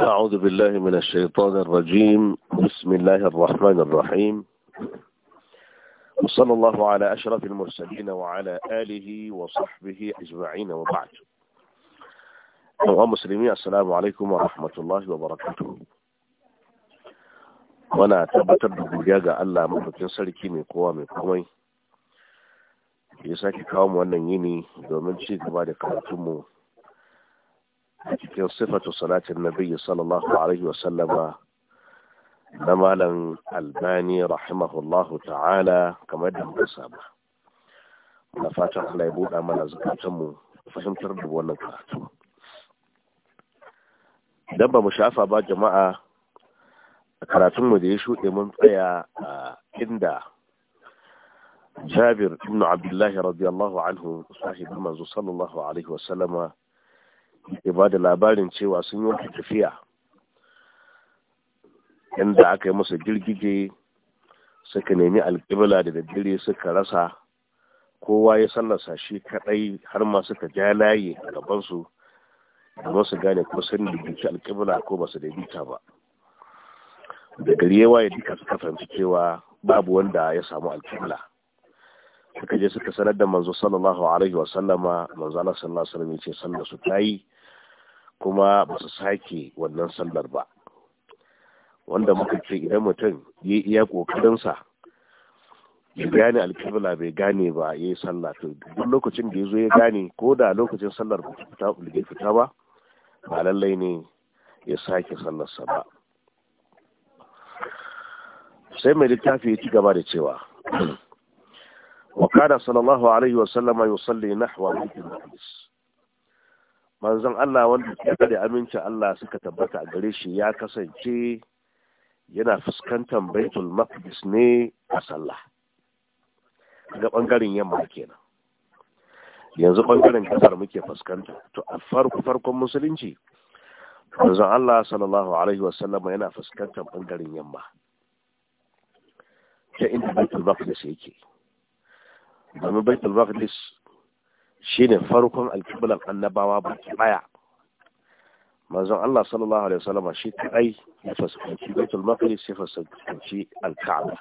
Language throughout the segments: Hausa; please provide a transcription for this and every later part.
أعوذ بالله من الشيطان الرجيم بسم الله الرحمن الرحيم وصلى الله على أشرف المرسلين وعلى آله وصحبه أجمعين وبعد أيها مسلمين السلام عليكم ورحمة الله وبركاته wana tabbatar da godiya ga Allah mafakin sarki mai kowa mai komai ya sake kawo mu wannan yini domin ci gaba da karatunmu a cikin sifatu salatin nabi sallallahu alaihi wasallama na malam albani rahimahullahu ta'ala kamar da muka saba na fatan Allah ya buɗa mana zukatanmu fahimtar da wannan karatu idan ba mu shafa ba jama'a a karatunmu da ya shuɗe mun tsaya a inda jabir ibn abdullahi radiyallahu anhu sahibin manzo sallallahu alaihi wasallama ke ba da labarin cewa sun yi wata tafiya inda aka yi masa girgije suka nemi alƙibla da daddare suka rasa kowa ya sallasa shi kaɗai har masu ta ja layi a gabansu da su gane ko sun daidaita alƙibla ko ba su daidaita ba da gari yawa ya duka suka fahimci cewa babu wanda ya samu alƙibla suka je suka sanar da manzo sallallahu alaihi wasallama manzo Allah sallallahu alaihi wasallam ya ce sallar su yi kuma ba su sake wannan sallar ba wanda muka ce idan mutum ya iya ƙoƙarinsa ya gane alkibla bai gane ba ya yi sallah to duk lokacin da ya zo ya gane ko da lokacin sallar ba fita fita ba ba lallai ne ya sake sallarsa ba sai mai littafi ya ci gaba da cewa وقال صلى الله عليه wa sallama نحو بيت المقدس manzon Allah wanda ya da amincin Allah suka tabbata a gare shi ya kasance yana fuskantar baitul maqdis ne a sallah ga bangaren yamma kenan yanzu bangaren kasar muke fuskanta to a farko farkon musulunci manzon Allah sallallahu alaihi sallam yana fuskantar bangaren yamma ta inda baitul maqdis yake domin baitul maqdis shine farkon alkiblan annabawa ba baki baya. manzon Allah sallallahu alaihi wasallam shi kadai ya fuskanci Baitul Maqdis shi, fuskanci Al-Ka'aba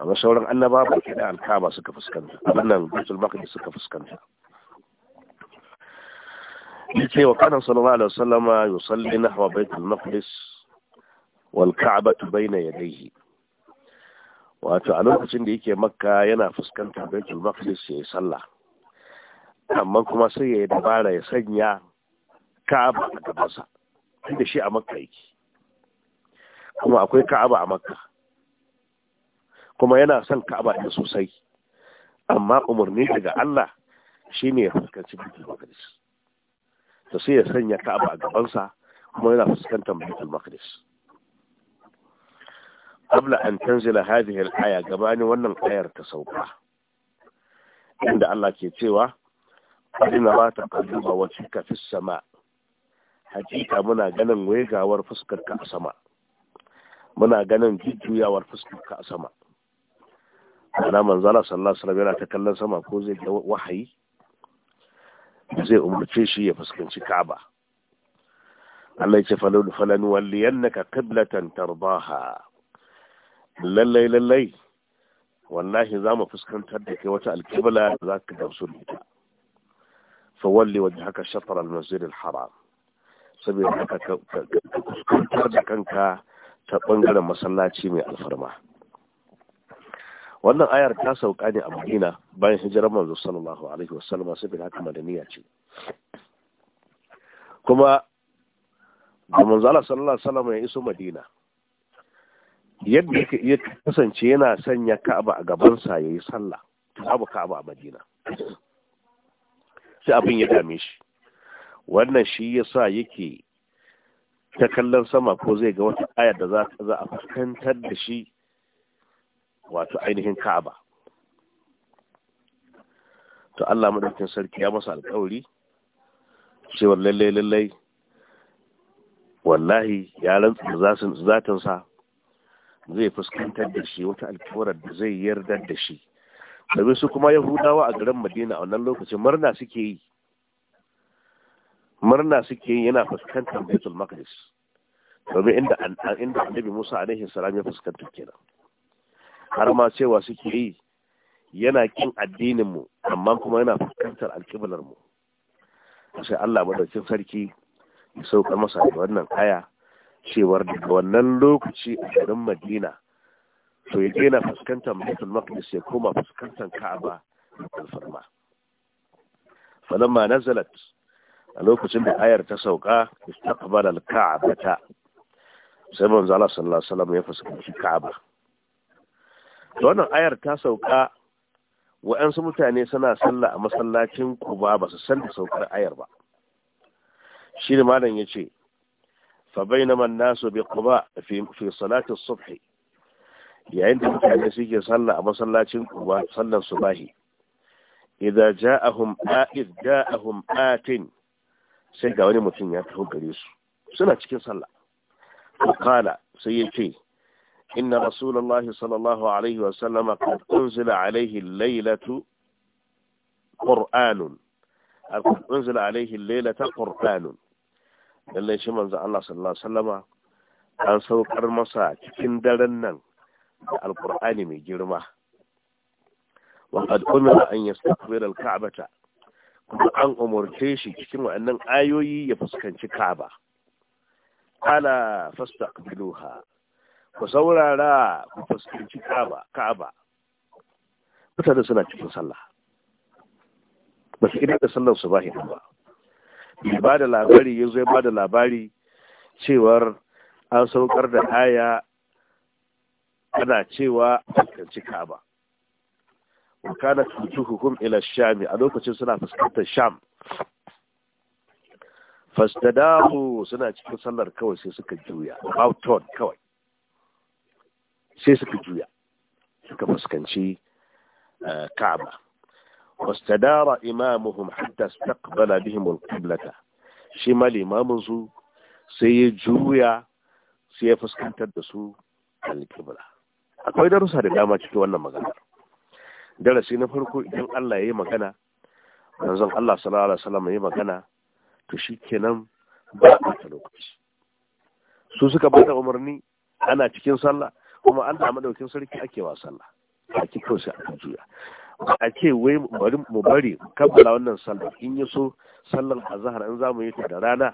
amma sauran annabawa baki da' Al-Ka'aba suka fuskanta abinnan Baitul Maqdis suka fuskanta yace wa kana sallallahu alaihi wasallam yusalli nahwa Baitul Maqdis wal Ka'batu bayna yadayhi wato a lokacin da yake Makka yana fuskantar Baitul Maqdis sai sallah amma kuma sai ya yi dabara ya sanya ka'aba a gabansa da shi a makka yake kuma akwai ka'aba a makka kuma yana son ka'aba ɗin sosai amma umarni daga Allah shi ne ya fuskanci bitul maqdis Ta sai ya sanya ka'aba a gabansa kuma yana fuskantar bitul maqdis qabla an tanzila hadhihi al-aya gabanin wannan ayar ta sauka inda Allah ke cewa inna ma wacce ka fi sama hakika muna ganin wegawar ka a sama muna ganin jujjuyawar ka a sama ana manzala sallallahu alaihi wasallam yana ta kallon sama ko zai ga wahayi zai umarce shi ya fuskanci Ka'aba Allah ya ce falal falan walliyannaka qiblatan tardaha lallai lallai wallahi za mu fuskantar da kai wata alkibla za ka gamsu da ita fawalli wajhaka shatr al-masjid al-haram saboda haka ka kuskantar da kanka ta bangaren masallaci mai alfarma wannan ayar ta sauka ne a Madina bayan hijirar manzo sallallahu alaihi wasallam saboda haka madaniya ce kuma da manzo Allah sallallahu alaihi wasallam ya iso Madina yadda ya kasance yana sanya Ka'aba a gabansa yayi sallah ka'aba Ka'aba a Madina sai abin ya dame shi wannan shi yasa yake ta kallon sama ko zai ga wata ayar da za a fuskantar da shi wato ainihin Ka'aba to Allah madaukakin sarki ya masa alƙawari cewa lalle lalle wallahi ya rantsa zatan sa zai fuskantar da shi wata alƙawarar da zai yarda da shi domin su kuma yahudawa a garin madina a wannan lokacin murna suke yi murna suke yi yana fuskantar baitul maqdis domin inda inda annabi musa alaihi salam ya fuskanta kenan har ma cewa suke yi yana kin addinin mu amma kuma yana fuskantar alƙiblar mu sai Allah madaukin sarki ya saukar masa da wannan aya cewar daga wannan lokaci a garin Madina to ya na fuskantar baitul maqdis ya koma fuskantar ka'aba alfarma falamma nazalat a lokacin da ayar ta sauka istaqbala al ta sai manzo Allah sallallahu alaihi wasallam ya fuskanci ka'aba to wannan ayar ta sauka wa'ansu mutane suna sallah a masallacin Quba ba su san da saukar ayar ba shi ne malam yace fa bainama an-nasu bi Quba fi fi salati as-subh yayin da mutane suke sallah a masallacin kuba sallar su subahi idza ja'ahum a'id ja'ahum atin sai ga wani mutum ya taho gare su suna cikin sallah qala sai yace inna rasulullahi sallallahu alaihi wa sallam qad unzila alaihi al-lailatu qur'anun qad unzila alaihi al-lailata qur'anun lallai shi manzo Allah sallallahu alaihi wasallama an saukar masa cikin daren nan da alkur'ani mai girma wa qad umira an yastaqbila al-ka'bata kuma an umarce shi cikin wannan ayoyi ya fuskanci Ka'aba ala fastaqbiluha ku saurara ku fuskanci Ka'aba Ka'aba mutane suna cikin sallah ba su idan da sallar su ba ba bai ba da labari ya zo ya ba da labari cewar an saukar da aya ana cewa ka cika ba wa kana hukum ila shami a lokacin suna fuskantar sham fastadahu suna cikin sallar kawai sai suka juya about kawai sai suka juya suka fuskanci eh, ka'aba wastadara imamuhum hatta istaqbala bihim alqiblata shi ma limamin sai ya juya sai ya fuskantar da su alqibla akwai darussa da dama ciki wannan magana darasi na farko idan Allah ya yi magana manzon Allah sallallahu alaihi wasallam ya yi magana to shikenan ba a ta lokaci su suka bada umarni ana cikin sallah kuma an samu daukin sarki ake wa sallah a cikin sai aka juya a ce wai bari mu bari kabbala wannan sallar in ya so sallar azhar in zamu yi ta da rana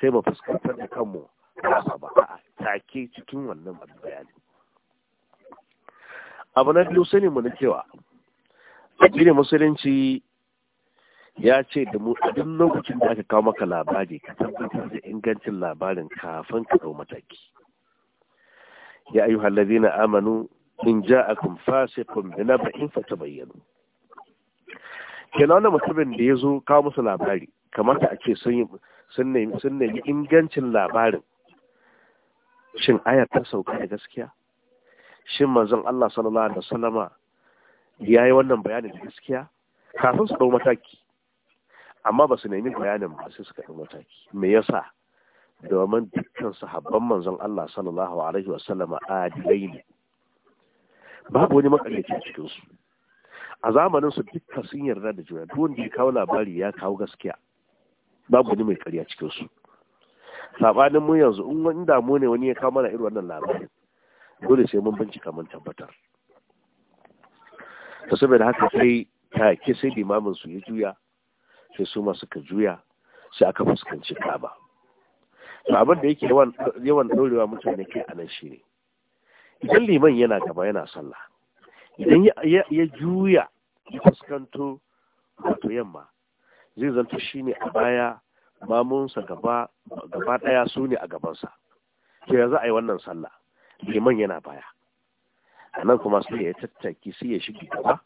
sai mu fuskantar da kanmu ba a take cikin wannan bayani abu na biyu sani mu na cewa addinin musulunci ya ce da mu a duk lokacin da aka kawo maka labari ka tabbatar da ingancin labarin kafin ka dau mataki ya ayu na amanu in ja a ja'akum fasiqun bi naba'in fatabayyanu kenan wanda mutumin da ya zo kawo musu labari kamata a ce sun nemi ingancin labarin shin ayar ta sauka da gaskiya shin manzon Allah sallallahu alaihi wasallama ya yi wannan bayanin gaskiya kafin su dau mataki amma ba su nemi bayanin ba sai suka dau mataki me yasa domin dukkan sahabban manzon Allah sallallahu alaihi wasallama adilai ne babu wani makalaici cikin su a zamanin su dukkan sun yarda da juna duk wanda ya kawo labari ya kawo gaskiya babu wani mai karya cikin su sabanin mu yanzu in wani damu ne wani ya kawo mana irin wannan labarin dole sai mun bincika mun tabbatar to saboda haka sai take sai limamin su ya juya sai su ma suka juya sai aka fuskanci kaba to abin da yake yawan yawan dorewa mutane kai anan shine idan liman yana gaba yana sallah idan ya juya ya fuskanto wato yamma zai zanto shine a baya mamunsa gaba gaba daya su ne a gabansa ke za a yi wannan sallah liman yana baya a nan kuma sai ya tattaki sai ya shige gaba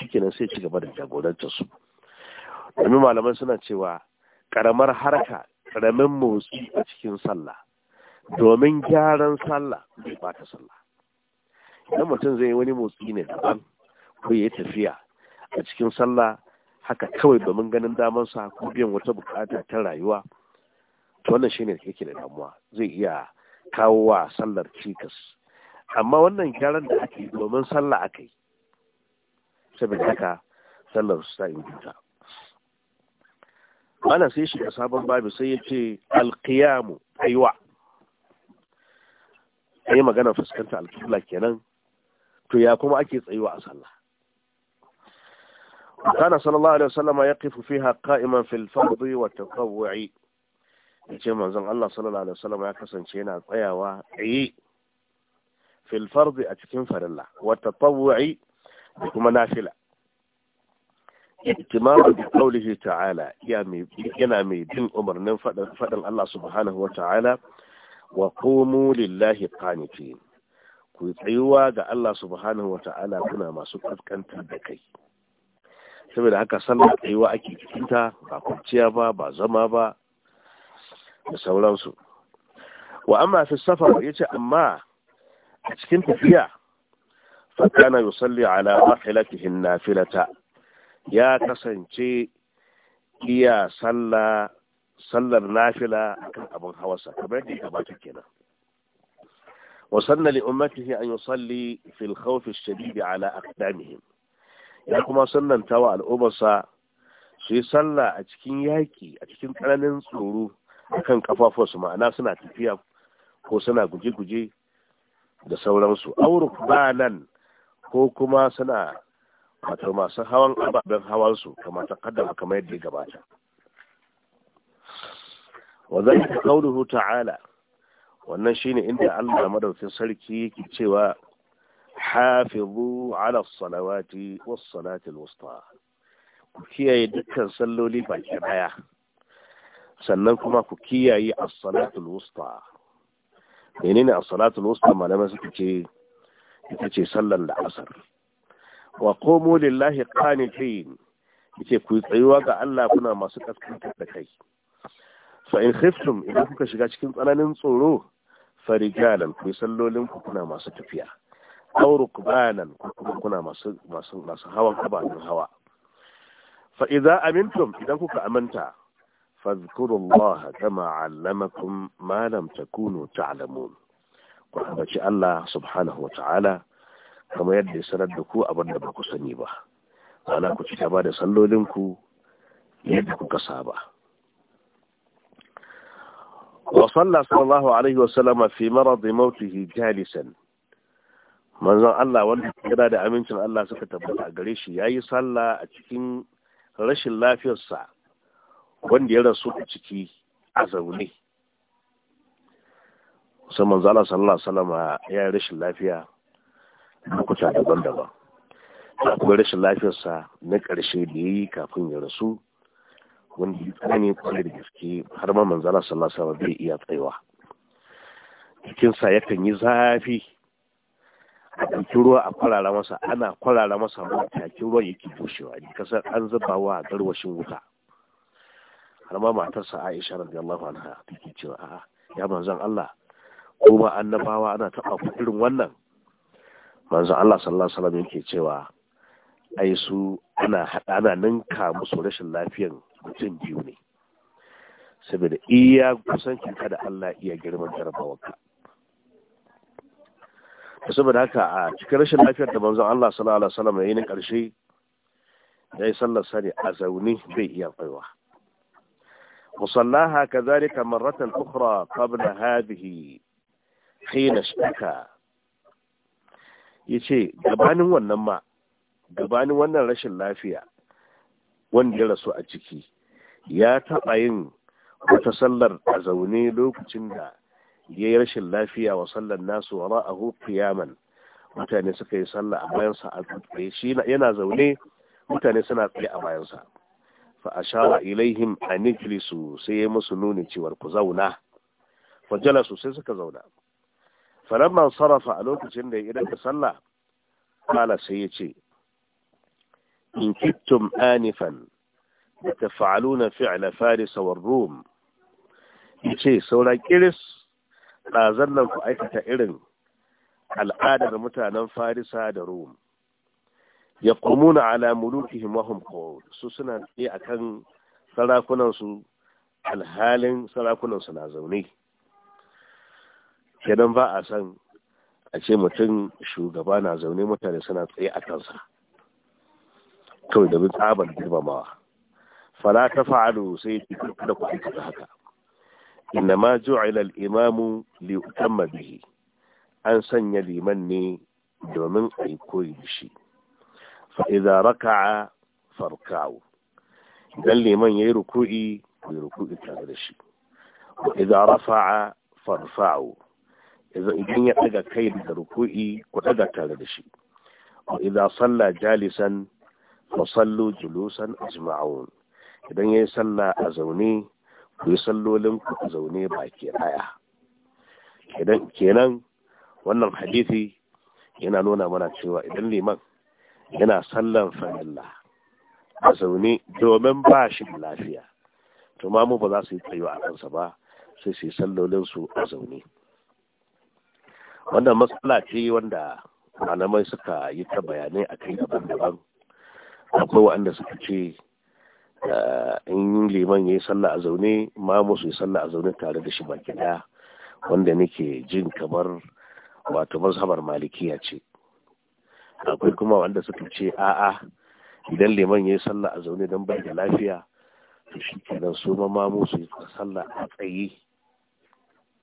shikenan sai ci gaba da jagorantar su domin malaman suna cewa karamar harka karamin motsi a cikin sallah domin gyaran sallah bai ta sallah idan mutum zai yi wani motsi ne daban ko ya tafiya a cikin sallah haka kawai domin ganin sa, ko biyan wata bukata ta rayuwa to wannan shine yake da damuwa zai iya kawo wa sallar cikas amma wannan gyaran da ake domin sallah aka yi saboda haka sallar su ta inganta ana sai shiga sabon babu sai ya ce alkiyamu aiwa a yi magana fuskanta kenan to ya kuma ake tsayuwa a sallah kana صلى الله عليه ya يقف فيها قائما fil الفرض wa ya ce manzon Allah sallallahu alaihi wasallam ya kasance yana tsayawa tsaye fil fardi a cikin farilla wa tatawwu'i da kuma nafila ittimamu bi qawlihi ta'ala yana mai bin umarnin faɗin Allah subhanahu wa ta'ala wa qumu lillahi qanitin ku tsayuwa ga Allah subhanahu wa ta'ala kuna masu kaskanta da kai saboda haka sallar tsayuwa ake cikinta ba kwanciya ba ba zama ba da sauransu wa amma fi safar yace amma a cikin tafiya fa kana yusalli ala rahilatihi nafilata ya kasance iya sallah sallar nafila akan abin hawarsa kamar da gabata kenan an لأمته أن يصلي في الخوف الشديد على أقدامهم ya kuma sannantawa al'ubarsa su yi sallah a cikin yaƙi a cikin tsananin tsoro akan kafafuwarsu ma'ana suna tafiya ko suna guje-guje da sauransu auruk nan ko kuma suna wato masu hawan ababen hawansu kamar ta kaddama kamar yadda ya gabata wa zalika qawluhu ta'ala wannan shine inda Allah madaukakin sarki yake cewa hafizu ala salawati was salati al-wusta ku kiyaye dukkan salloli baki daya sannan kuma ku kiyaye as-salatul wusta menene as-salatul wusta malamai suka ce ita ce sallar la'asar wa qumu lillahi qanitin yace ku tsayuwa ga Allah kuna masu kaskanta da kai fa in khiftum idan kuka shiga cikin tsananin tsoro farijalan ku sallolin ku kuna masu tafiya aw rukbanan kuma kuna masu masu masu hawa kabanin hawa fa idza amintum idan kuka amanta fadhkuru Allah kama allamakum ta lam takunu ta'lamun ku Allah subhanahu wa ta'ala kama yadda ya sanar da ku abin da ba ku sani ba ana ku ci gaba da sallolinku yadda kuka saba وصلى صلى الله عليه وسلم في مرض موته جالسا manzon Allah wanda kira da amincin Allah suka tabbata a gare shi yayi sallah a cikin rashin lafiyarsa wanda ya rasu a ciki a zaune musamman zala sallallahu salama ya yi rashin lafiya lokuta daban-daban kuma rashin lafiyarsa na ƙarshe da ya yi kafin ya rasu wanda ya tsanani da gaske har ma manzala sallallahu salama bai iya tsayawa jikinsa yakan yi zafi a ɗauki ruwa a kwarara masa ana kwarara masa matakin ruwan yake bushewa kasar an zuba wa garwashin wuta har ma matarsa Aisha radiyallahu anha take cewa a'a ya manzon Allah ko ba annabawa ana taba ku irin wannan manzon Allah sallallahu alaihi wasallam yake cewa ai su ana hada ana ninka musu rashin lafiyar mutum biyu ne saboda iya kusanci ka da Allah iya girman jarabawarka da saboda haka a cikin rashin lafiyar da manzon Allah sallallahu alaihi wasallam yayin karshe dai sallar sani a zaune bai iya baiwa وصلاها كذلك مرة أخرى قبل هذه حين اشتكى yace gabanin wannan ma gabanin wannan rashin lafiya wanda ya rasu a ciki ya taɓa yin wata sallar a zaune lokacin da ya yi rashin lafiya wa sallar nasu wa ra'ahu qiyaman mutane suka yi sallah a bayansa a yana zaune mutane suna tsaye a bayansa fa ashara ilaihim an ijlisu sai ya musu nuni cewar ku zauna fajala jalasu sai suka zauna falamma sarrafa a lokacin da idan da sallah kala sai ya ce in kittum anifan da na fi'la fari war rum ce saura kiris ɗazan nan ku aikata irin al'adar mutanen farisa da rum yaqumuna ala mulukihim wa hum qud su suna tsaye akan sarakunan su alhalin sarakunan su na zaune kenan ba a san a ce mutum shugaba na zaune mutane suna tsaye a kansa kawai domin tsaban girmamawa fala ta fa'alu sai da ku aikata haka inna ma ju'ila al-imamu li bihi an sanya liman ne domin a koyi shi fa'iza raka'a farkawo idan liman ya yi ruku'i ku yi ruku'i tare da shi idan rafa'a farfa'o idan ya ɗaga kai da ruku'i ku ɗaga tare da shi idan salla jalisan ku sallu julusan ajma'un idan ya yi salla a zaune ku yi sallolin ku a zaune baki ɗaya kenan wannan hadisi yana nuna mana cewa idan liman yana sallan farilla a zaune domin ba shi lafiya to mamu ba za su yi tsayo a kansa ba sai su yi sallolinsu a zaune wannan matsala ce wanda malamai suka yi ta bayanai a kai daban-daban akwai waɗanda suka ce eh, in liman ya yi sallah a zaune mamu su yi sallah a zaune tare da shi baki daya wanda nake jin kamar wato mazhabar malikiya ce akwai kuma wanda suka ce a'a idan liman ya yi sallah a zaune don bai da lafiya to shi kenan su ma mamu su yi sallah a tsaye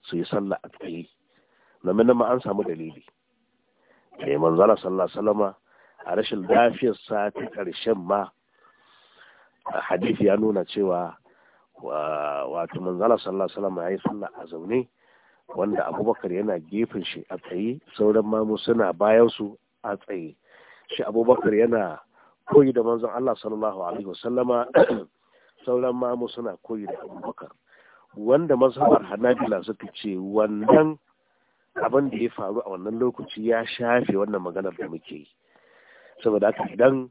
su yi sallah a tsaye na ma an samu dalili da manzala sallah salama a rashin lafiyar sa ta karshen ma hadisi ya nuna cewa wato manzala sallah salama ya yi sallah a zaune wanda abubakar yana gefen shi a tsaye sauran mamu suna bayan su a tsaye shi abubakar yana koyi da manzon Allah sallallahu alaihi wasallama sauran mamu suna koyi da abubakar wanda mazhabar hanabila suka ce wannan abin da ya faru a wannan lokaci ya shafe wannan maganar da muke yi saboda haka idan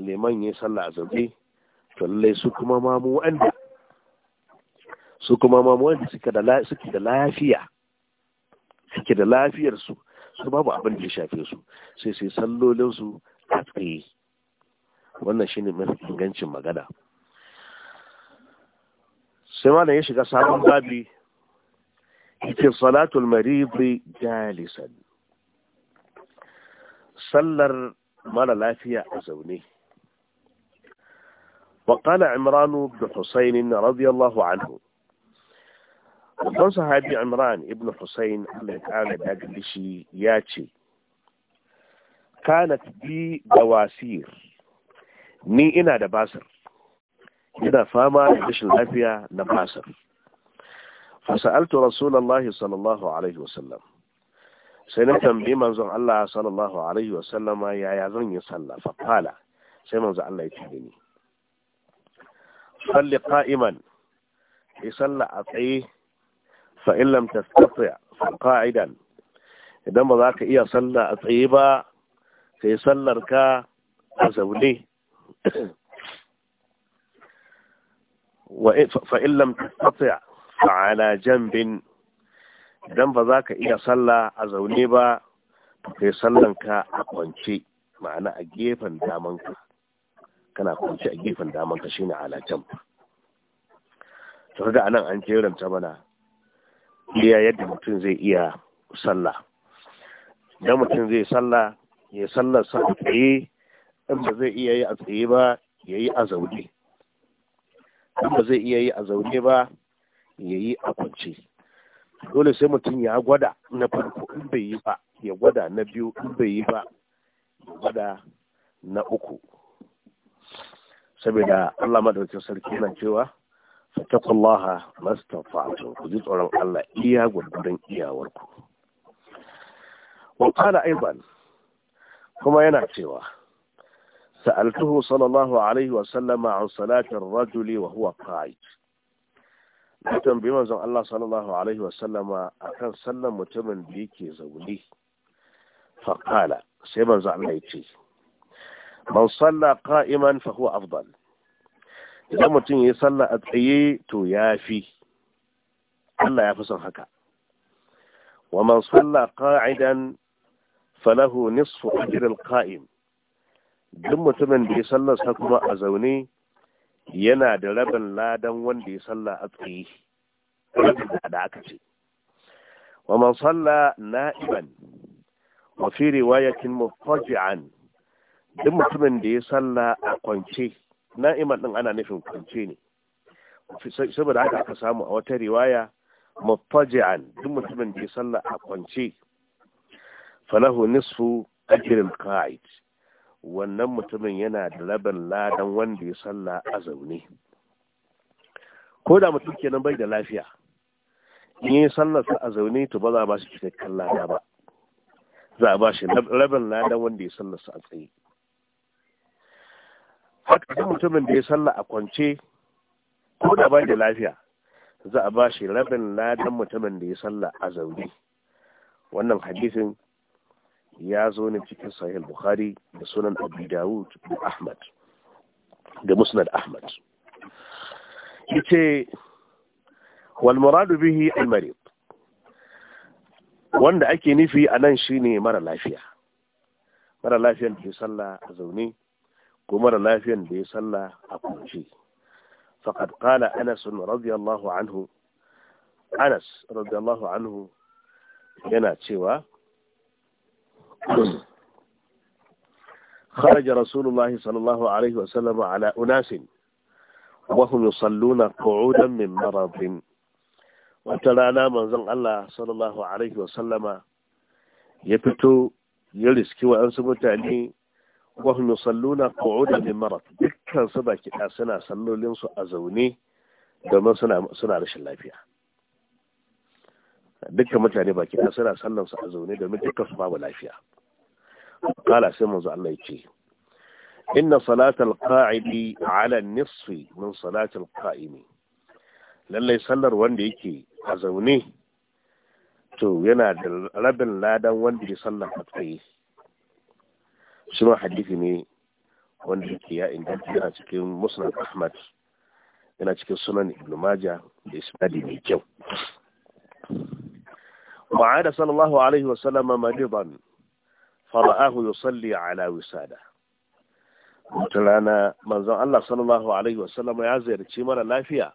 liman ya sallah a zabe to lallai su kuma mamu wanda su kuma mamu wanda suke da lafiya suke da lafiyar su su babu abin da ya shafe su sai sai su a tsaye wannan shine mafi ingancin magana sai malam ya shiga sabon babi yake salatul maridi jalisan sallar mara lafiya a zaune وقال عمران بن حسين رضي الله عنه Babban sahabi Imran ibn Hussein Allah ya da galishi ya ce, Kanat bi da wasir, ni ina da basir, ina fama da rashin lafiya na basir. Fasa'altu Rasulallah sallallahu Alaihi wasallam, sai na tambayi manzon Allah sallallahu Alaihi ya yaya zan yi sallah, fafala, sai manzon Allah ya ce ni. Salli qa'iman, ya sallah a tsaye fa in lam tastati' qa'idan idan ba za ka iya sallah a tsaye ba kai sallar ka a zaune wa fa in lam tastati' fa janbin idan ba za ka iya sallah a zaune ba kai sallar ka a kwance ma'ana a gefen damanka kana kwance a gefen damanka shine ala jamb Ta kaga anan an jeranta mana iya yadda mutum zai iya sallah idan mutum zai sallah ya sallar sa a tsaye in ba zai iya yi a tsaye ba ya yi a zaune in ba zai iya yi a zaune ba ya yi a kwance dole sai mutum ya gwada na farko in bai yi ba ya gwada na biyu in bai yi ba ya gwada na uku saboda Allah madaukakin sarki yana cewa fatakun laha mastafatun ku ji tsoron Allah iya gwargwadon iyawarku. Wakana Aiban kuma yana cewa, Sa'altuhu sallallahu Alaihi wasallama an salatin rajuli wa huwa ƙa'id. Na tambayi manzon Allah sallallahu Alaihi wasallama a kan sallan mutumin da yake zaune. Fakala sai manzon Allah ya ce, Man salla ƙa'iman fa huwa afdal. idan mutum ya sallah a tsaye to ya fi Allah ya fi son haka wa man salla qa'idan falahu nisfu ajri al-qa'im duk mutumin da ya sallar sa kuma a zaune yana da rabin ladan wanda ya salla a tsaye da aka ce wa man salla na'iban wa fi riwayatin muftaji'an duk mutumin da ya sallah a kwance na'iman din ana nufin kwance ne saboda haka aka samu a wata riwaya mufaji'an duk mutumin da ya salla a kwance falahu nisfu ajrin qa'id wannan mutumin yana da rabin ladan wanda ya salla a zaune ko da mutum kenan bai da lafiya in yi sallarsa a zaune to ba za a ba shi cikakken lada ba za a ba shi rabin ladan wanda ya sallarsa a tsaye haka mutumin da ya sallah a kwance ko da ba da lafiya za a ba shi rabin ladan mutumin da ya sallah a zaune wannan hadisin ya zo ne cikin sahih bukhari da sunan abu dawud da ahmad da musnad ahmad yace wal muradu bihi al marid wanda ake nufi a nan shine mara lafiya mara lafiyan da ya sallah a zaune ko mara lafiyan da ya salla a kunce faqad qala anas radiyallahu anhu anas radiyallahu anhu yana cewa خرج رسول الله صلى الله عليه وسلم على أناس وهم يصلون قعودا من مرض وترانا من زن الله صلى الله عليه وسلم يفتو يلسكي وأنس متعني wahum yusalluna qu'udan min marad dukkan su baki da suna sallolin su a zaune domin suna suna rashin lafiya dukkan mutane baki da suna sallan su a zaune domin dukkan su babu lafiya qala sai manzo Allah yace inna salatal qa'idi ala nisfi min salatil qa'imi lallai sallar wanda yake a zaune to yana da rabin ladan wanda ya sallar a sunan hadisi ne wanda yake ya inganta yana cikin musnad ahmad yana cikin sunan ibn majah da isnadi mai kyau ma'ada sallallahu alaihi wa sallam madiban fara'ahu yusalli ala wisada wata rana manzon Allah sallallahu alaihi wa sallam ya ziyarci mara lafiya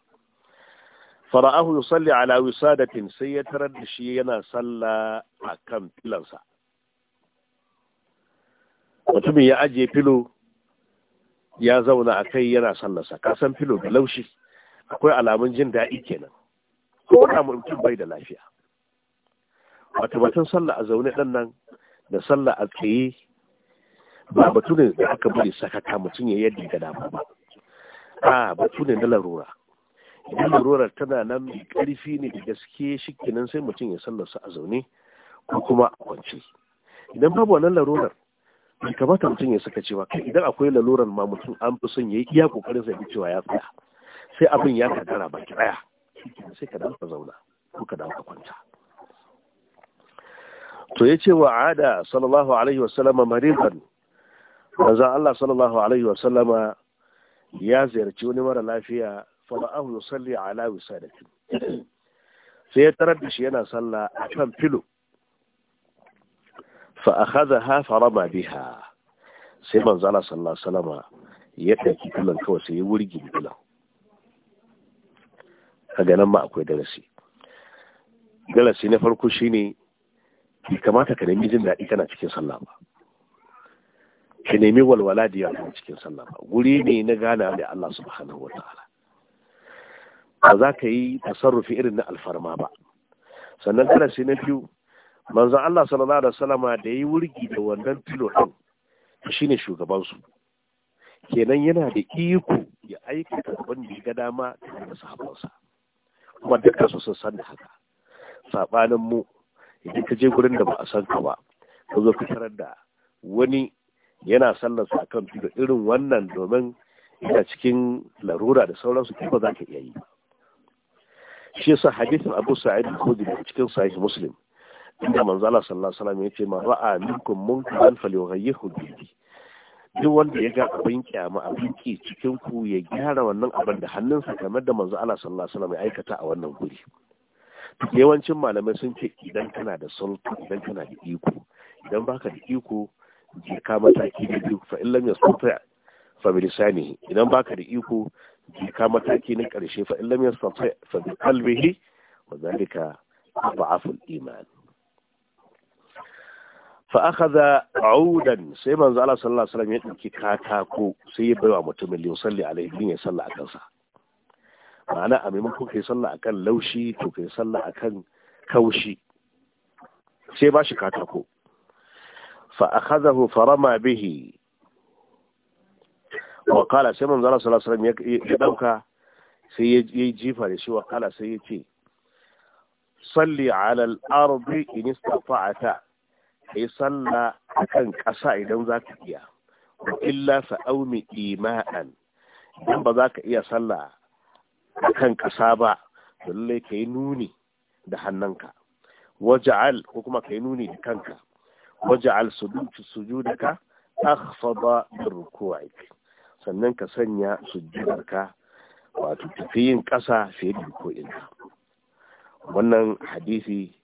fara'ahu yusalli ala wisadatin sai ya tarar da shi yana salla akan tilansa. mutumin ya ajiye filo ya zauna a kai yana sallarsa Kasan filo da laushi akwai alamun jin daɗi kenan ko da mutum bai da lafiya wato batun sallah a zaune ɗan nan da sallah a tsaye ba batu ne da aka bari sakaka mutum ya yadda ga dama ba a batu ne na larura idan larurar tana nan mai ƙarfi ne da gaske shi kenan sai mutum ya sallarsa a zaune ko kuma a kwance idan babu wannan larurar bai kamata mutum ya saka cewa kai idan akwai laluran ma mutum an fi son ya yi iya kokarin sa cewa ya tsaya sai abin ya kankara baki daya sai ka dawo ka zauna ko ka dawo ka kwanta to ya ce wa ada sallallahu alaihi wa sallama, maridan manzan Allah sallallahu alaihi wa sallama, ya ziyarci wani mara lafiya fara'ahu yusalli ala wisadati sai ya tarar da shi yana sallah a kan filo Ba akhadha farama biha sai manzo Allah sallallahu alaihi wasallama ya ɗauki kullun kawai sai ya wurgi kullun kaga ganin ma akwai darasi darasi na farko ne, bai kamata ka nemi jin daɗi kana cikin sallah ba ka nemi walwala da yawa cikin salla ba guri ne na gana da Allah subhanahu wa ta'ala ba za ka yi tasarrufi irin na alfarma ba sannan darasi na biyu manzon Allah sallallahu da Salama da yi wurgi da wannan filo din shine shugaban su kenan yana da iko ya aikata abin da ya ga dama da sahabbansa kuma duka su sun san da haka sabanin mu idan ka je gurin da ba a san ka ba ka zo fitar da wani yana sallar sa kan filo irin wannan domin yana cikin larura da sauransu kuma za ka iya yi shi yasa hadisin Abu Sa'id al-Khudri cikin Sahih Muslim inda manzala sallallahu alaihi wasallam yace man ra'a minkum munkaran falyughayyirhu bi duk wanda ya ga abin kyama abin ki cikin ku ya gyara wannan abin da hannunsa kamar da manzo Allah sallallahu alaihi wasallam ya aikata a wannan guri yawancin malamai sun ce idan kana da sulta idan kana da iko idan baka da iko je ka mataki na biyu fa illam yastata fa bilisanihi idan baka da iko je ka mataki na karshe fa illam yastata fa bi qalbihi wa zalika da'aful iman fa akhadha audan sai manzo Allah sallallahu alaihi wasallam ya dauki katako sai ya baiwa mutumin li salli alaihi din ya salla a kansa. ma'ana a maimakon kai salla akan laushi to kai salla akan kaushi sai ba shi katako fa akhadahu farama bihi wa qala sai manzo Allah sallallahu alaihi wasallam ya dauka sai ya jifa da shi wa qala sai ya ce salli ala al-ardi in istata'ta ka yi sallah a kan ƙasa idan za ka iya wa illa sa'aumi ima'an idan ba za ka iya sallah a kan ƙasa ba Dole ka yi nuni da hannunka waja'al ko kuma ka yi nuni da kanka waja'al sujudu ba akhfada min ruku'ik sannan ka sanya su sujudarka wato tafiyin ƙasa fiye da ina. wannan hadisi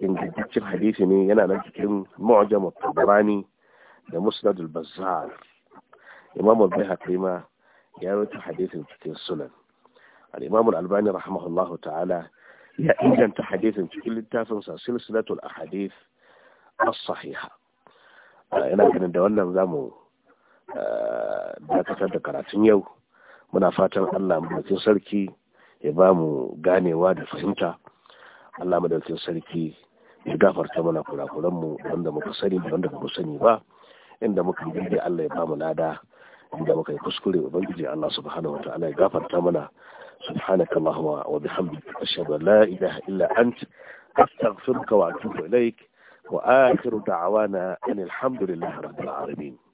ingantaccen hadisi ne yana nan cikin mu'jam tabarani da musnad al-bazzar imam al-bayhaqi ma ya rawaito hadisin cikin sunan al-imam al-albani rahimahullahu ta'ala ya inganta hadisin cikin littafin sa silsilatul ahadith as-sahiha ina ganin da wannan zamu dakatar da karatun yau muna fatan Allah madaukin sarki ya bamu ganewa da fahimta Allah madaukin sarki ya gafarta mana kurakuran mu wanda muka sani da wanda muka sani ba inda muka yi Allah ya bamu lada inda muka yi kuskure ubangiji Allah subhanahu wataala ya gafarta mana سبحانك اللهم وبحمدك أشهد أن لا إله إلا أنت أستغفرك وأتوب إليك وآخر دعوانا أن الحمد لله رب العالمين